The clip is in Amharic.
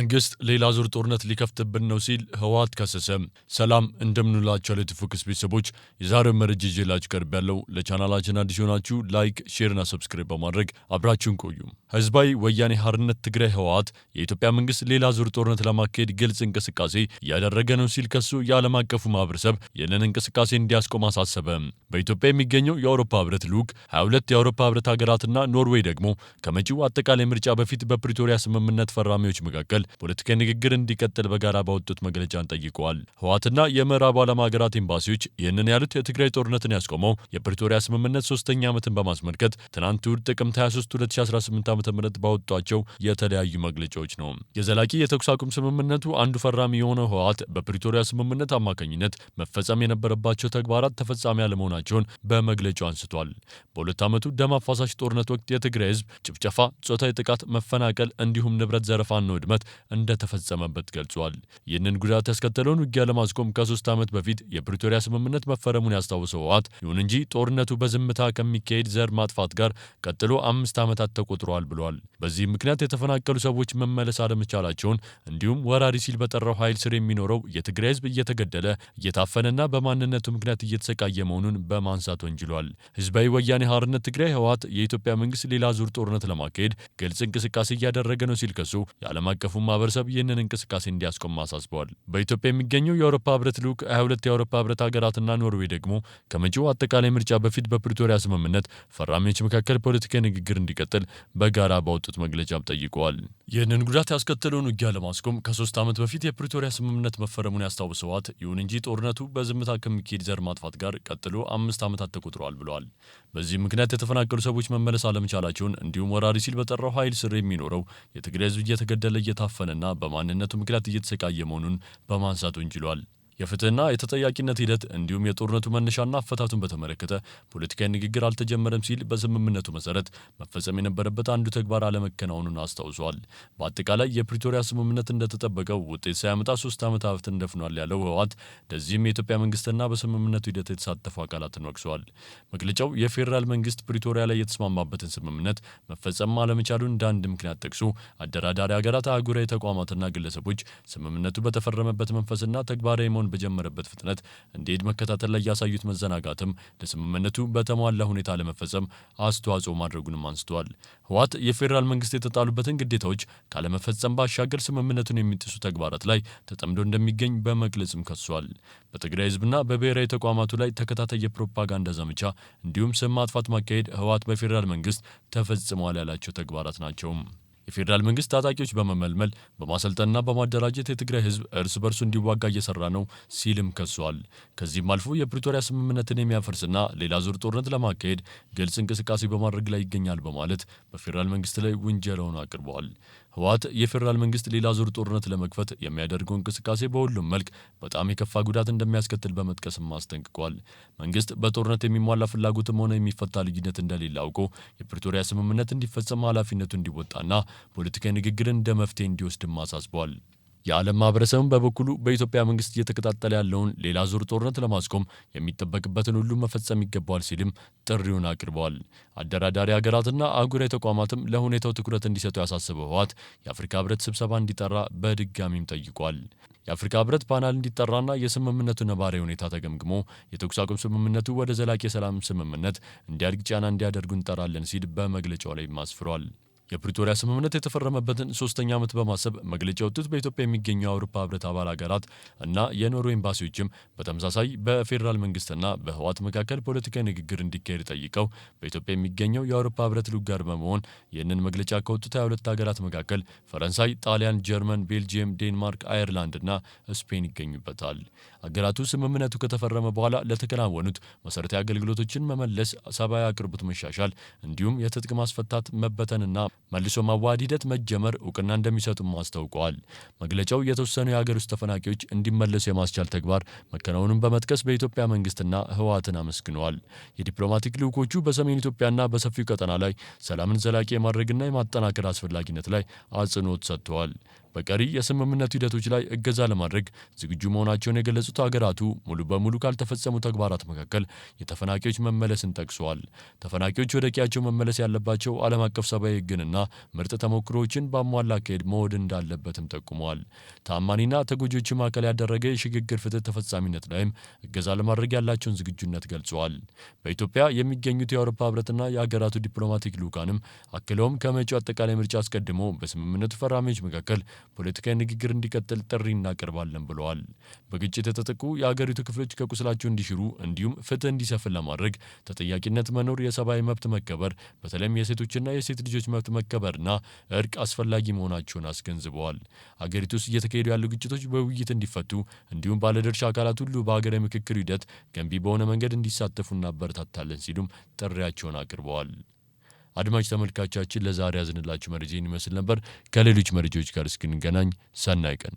መንግስት ሌላ ዙር ጦርነት ሊከፍትብን ነው ሲል ህወሓት ከሰሰ። ሰላም እንደምንላቸው ለትፉክስ ቤተሰቦች የዛሬው መረጃ ይዤላችሁ ቀርብ ያለው ለቻናላችን አዲስ ሆናችሁ ላይክ፣ ሼርና ሰብስክራይብ በማድረግ አብራችሁን ቆዩ። ህዝባዊ ወያኔ ሀርነት ትግራይ ህወሓት የኢትዮጵያ መንግስት ሌላ ዙር ጦርነት ለማካሄድ ግልጽ እንቅስቃሴ እያደረገ ነው ሲል ከሱ የዓለም አቀፉ ማህበረሰብ ይህንን እንቅስቃሴ እንዲያስቆም አሳሰበ። በኢትዮጵያ የሚገኘው የአውሮፓ ህብረት ልዑክ 22 የአውሮፓ ህብረት ሀገራትና ኖርዌይ ደግሞ ከመጪው አጠቃላይ ምርጫ በፊት በፕሪቶሪያ ስምምነት ፈራሚዎች መካከል ፖለቲካዊ ንግግር እንዲቀጥል በጋራ ባወጡት መግለጫን ጠይቀዋል። ህወሓትና የምዕራብ ዓለም ሀገራት ኤምባሲዎች ይህንን ያሉት የትግራይ ጦርነትን ያስቆመው የፕሪቶሪያ ስምምነት ሶስተኛ ዓመትን በማስመልከት ትናንት እሁድ ጥቅምት 23 2018 ዓ ም ባወጧቸው የተለያዩ መግለጫዎች ነው። የዘላቂ የተኩስ አቁም ስምምነቱ አንዱ ፈራሚ የሆነው ህወሓት በፕሪቶሪያ ስምምነት አማካኝነት መፈጸም የነበረባቸው ተግባራት ተፈጻሚ አለመሆናቸውን በመግለጫው አንስቷል። በሁለት ዓመቱ ደም አፋሳሽ ጦርነት ወቅት የትግራይ ህዝብ ጭፍጨፋ፣ ጾታዊ ጥቃት፣ መፈናቀል እንዲሁም ንብረት ዘረፋና ውድመት እንደተፈጸመበት ገልጿል። ይህንን ጉዳት ያስከተለውን ውጊያ ለማስቆም ከሶስት ዓመት በፊት የፕሪቶሪያ ስምምነት መፈረሙን ያስታውሰው ህወሓት፣ ይሁን እንጂ ጦርነቱ በዝምታ ከሚካሄድ ዘር ማጥፋት ጋር ቀጥሎ አምስት ዓመታት ተቆጥረዋል ብሏል። በዚህ ምክንያት የተፈናቀሉ ሰዎች መመለስ አለመቻላቸውን እንዲሁም ወራሪ ሲል በጠራው ኃይል ስር የሚኖረው የትግራይ ህዝብ እየተገደለ እየታፈነና በማንነቱ ምክንያት እየተሰቃየ መሆኑን በማንሳት ወንጅሏል። ህዝባዊ ወያኔ ሀርነት ትግራይ ህወሓት የኢትዮጵያ መንግስት ሌላ ዙር ጦርነት ለማካሄድ ግልጽ እንቅስቃሴ እያደረገ ነው ሲል ከሱ የዓለም አቀፉ ማህበረሰብ ይህንን እንቅስቃሴ እንዲያስቆም አሳስበዋል። በኢትዮጵያ የሚገኘው የአውሮፓ ህብረት ልዑክ 22 የአውሮፓ ህብረት ሀገራትና ኖርዌይ ደግሞ ከመጪው አጠቃላይ ምርጫ በፊት በፕሪቶሪያ ስምምነት ፈራሚዎች መካከል ፖለቲካዊ ንግግር እንዲቀጥል በጋራ ባወጡት መግለጫም ጠይቀዋል። ይህንን ጉዳት ያስከተለውን ውጊያ ለማስቆም ከሶስት ዓመት በፊት የፕሪቶሪያ ስምምነት መፈረሙን ያስታውሰዋት። ይሁን እንጂ ጦርነቱ በዝምታ ከሚካሄድ ዘር ማጥፋት ጋር ቀጥሎ አምስት ዓመታት ተቆጥረዋል ብለዋል። በዚህም ምክንያት የተፈናቀሉ ሰዎች መመለስ አለመቻላቸውን እንዲሁም ወራሪ ሲል በጠራው ኃይል ስር የሚኖረው የትግራይ ህዝብ እየተገደለ እየታፈ እየታፈነና በማንነቱ ምክንያት እየተሰቃየ መሆኑን በማንሳት ወንጅሏል። የፍትህና የተጠያቂነት ሂደት እንዲሁም የጦርነቱ መነሻና አፈታቱን በተመለከተ ፖለቲካዊ ንግግር አልተጀመረም ሲል በስምምነቱ መሰረት መፈጸም የነበረበት አንዱ ተግባር አለመከናወኑን አስታውሷል። በአጠቃላይ የፕሪቶሪያ ስምምነት እንደተጠበቀው ውጤት ሳያመጣ ሶስት ዓመት አፍትን ደፍኗል ያለው ህወሓት ለዚህም የኢትዮጵያ መንግስትና በስምምነቱ ሂደት የተሳተፉ አካላትን ወቅሰዋል። መግለጫው የፌዴራል መንግስት ፕሪቶሪያ ላይ የተስማማበትን ስምምነት መፈጸም አለመቻሉን እንደ አንድ ምክንያት ጠቅሶ አደራዳሪ ሀገራት አህጉራዊ ተቋማትና ግለሰቦች ስምምነቱ በተፈረመበት መንፈስና ተግባራዊ መሆን መራመድ በጀመረበት ፍጥነት እንዲሄድ መከታተል ላይ ያሳዩት መዘናጋትም ለስምምነቱ በተሟላ ሁኔታ ለመፈጸም አስተዋጽኦ ማድረጉንም አንስተዋል። ህወሓት የፌዴራል መንግስት የተጣሉበትን ግዴታዎች ካለመፈጸም ባሻገር ስምምነቱን የሚጥሱ ተግባራት ላይ ተጠምዶ እንደሚገኝ በመግለጽም ከሷል። በትግራይ ህዝብና በብሔራዊ ተቋማቱ ላይ ተከታታይ የፕሮፓጋንዳ ዘመቻ እንዲሁም ስም ማጥፋት ማካሄድ ህወሓት በፌዴራል መንግስት ተፈጽመዋል ያላቸው ተግባራት ናቸው። የፌዴራል መንግስት ታጣቂዎች በመመልመል በማሰልጠንና በማደራጀት የትግራይ ህዝብ እርስ በርሱ እንዲዋጋ እየሰራ ነው ሲልም ከሷል። ከዚህም አልፎ የፕሪቶሪያ ስምምነትን የሚያፈርስና ሌላ ዙር ጦርነት ለማካሄድ ግልጽ እንቅስቃሴ በማድረግ ላይ ይገኛል በማለት በፌዴራል መንግስት ላይ ውንጀላውን አቅርበዋል። ህወሓት የፌዴራል መንግስት ሌላ ዙር ጦርነት ለመክፈት የሚያደርገው እንቅስቃሴ በሁሉም መልክ በጣም የከፋ ጉዳት እንደሚያስከትል በመጥቀስም አስጠንቅቋል። መንግስት በጦርነት የሚሟላ ፍላጎትም ሆነ የሚፈታ ልዩነት እንደሌለ አውቆ የፕሪቶሪያ ስምምነት እንዲፈጸም ኃላፊነቱ እንዲወጣና ፖለቲካዊ ንግግርን እንደ መፍትሄ እንዲወስድም አሳስቧል። የዓለም ማህበረሰብም በበኩሉ በኢትዮጵያ መንግስት እየተቀጣጠለ ያለውን ሌላ ዙር ጦርነት ለማስቆም የሚጠበቅበትን ሁሉ መፈጸም ይገባዋል ሲልም ጥሪውን አቅርበዋል። አደራዳሪ ሀገራትና አህጉራዊ ተቋማትም ለሁኔታው ትኩረት እንዲሰጡ ያሳሰበው ህወሓት የአፍሪካ ህብረት ስብሰባ እንዲጠራ በድጋሚም ጠይቋል። የአፍሪካ ህብረት ፓናል እንዲጠራና የስምምነቱ ነባራዊ ሁኔታ ተገምግሞ የተኩስ አቁም ስምምነቱ ወደ ዘላቂ የሰላም ስምምነት እንዲያድግ ጫና እንዲያደርጉ እንጠራለን ሲል በመግለጫው ላይ አስፍሯል። የፕሪቶሪያ ስምምነት የተፈረመበትን ሶስተኛ ዓመት በማሰብ መግለጫ ወጡት በኢትዮጵያ የሚገኙ የአውሮፓ ህብረት አባል ሀገራት እና የኖርዌይ ኤምባሲዎችም በተመሳሳይ በፌዴራል መንግስትና በህዋት መካከል ፖለቲካዊ ንግግር እንዲካሄድ ጠይቀው በኢትዮጵያ የሚገኘው የአውሮፓ ህብረት ልዑክ ጋር በመሆን ይህንን መግለጫ ከወጡት 22 ሀገራት መካከል ፈረንሳይ፣ ጣሊያን፣ ጀርመን፣ ቤልጅየም፣ ዴንማርክ፣ አየርላንድ እና ስፔን ይገኙበታል። ሀገራቱ ስምምነቱ ከተፈረመ በኋላ ለተከናወኑት መሠረታዊ አገልግሎቶችን መመለስ፣ ሰብአዊ አቅርቦት መሻሻል እንዲሁም የትጥቅ ማስፈታት መበተንና መልሶ ማዋሃድ ሂደት መጀመር እውቅና እንደሚሰጡም አስታውቀዋል። መግለጫው የተወሰኑ የሀገር ውስጥ ተፈናቂዎች እንዲመለሱ የማስቻል ተግባር መከናወኑን በመጥቀስ በኢትዮጵያ መንግስትና ህወሓትን አመስግነዋል። የዲፕሎማቲክ ልዑኮቹ በሰሜን ኢትዮጵያና በሰፊው ቀጠና ላይ ሰላምን ዘላቂ የማድረግና የማጠናከር አስፈላጊነት ላይ አጽንኦት ሰጥተዋል። በቀሪ የስምምነቱ ሂደቶች ላይ እገዛ ለማድረግ ዝግጁ መሆናቸውን የገለጹት ሀገራቱ ሙሉ በሙሉ ካልተፈጸሙ ተግባራት መካከል የተፈናቂዎች መመለስን ጠቅሰዋል። ተፈናቂዎች ወደ ቀያቸው መመለስ ያለባቸው ዓለም አቀፍ ሰብአዊ ሕግንና ምርጥ ተሞክሮዎችን በአሟላ አካሄድ መወድ እንዳለበትም ጠቁመዋል። ታማኒና ተጎጂዎች ማዕከል ያደረገ የሽግግር ፍትህ ተፈጻሚነት ላይም እገዛ ለማድረግ ያላቸውን ዝግጁነት ገልጸዋል። በኢትዮጵያ የሚገኙት የአውሮፓ ህብረትና የሀገራቱ ዲፕሎማቲክ ልዑካንም አክለውም ከመጪው አጠቃላይ ምርጫ አስቀድሞ በስምምነቱ ፈራሚዎች መካከል ፖለቲካዊ ንግግር እንዲቀጥል ጥሪ እናቀርባለን ብለዋል። በግጭት የተጠቁ የአገሪቱ ክፍሎች ከቁስላቸው እንዲሽሩ እንዲሁም ፍትህ እንዲሰፍን ለማድረግ ተጠያቂነት መኖር፣ የሰብአዊ መብት መከበር፣ በተለይም የሴቶችና የሴት ልጆች መብት መከበርና እርቅ አስፈላጊ መሆናቸውን አስገንዝበዋል። አገሪቱ ውስጥ እየተካሄዱ ያሉ ግጭቶች በውይይት እንዲፈቱ እንዲሁም ባለድርሻ አካላት ሁሉ በሀገራዊ ምክክር ሂደት ገንቢ በሆነ መንገድ እንዲሳተፉ እናበረታታለን ሲሉም ጥሪያቸውን አቅርበዋል። አድማጭ ተመልካቻችን ለዛሬ ያዝንላችሁ መረጃ ይመስል ነበር። ከሌሎች መረጃዎች ጋር እስክንገናኝ ሰናይ ቀን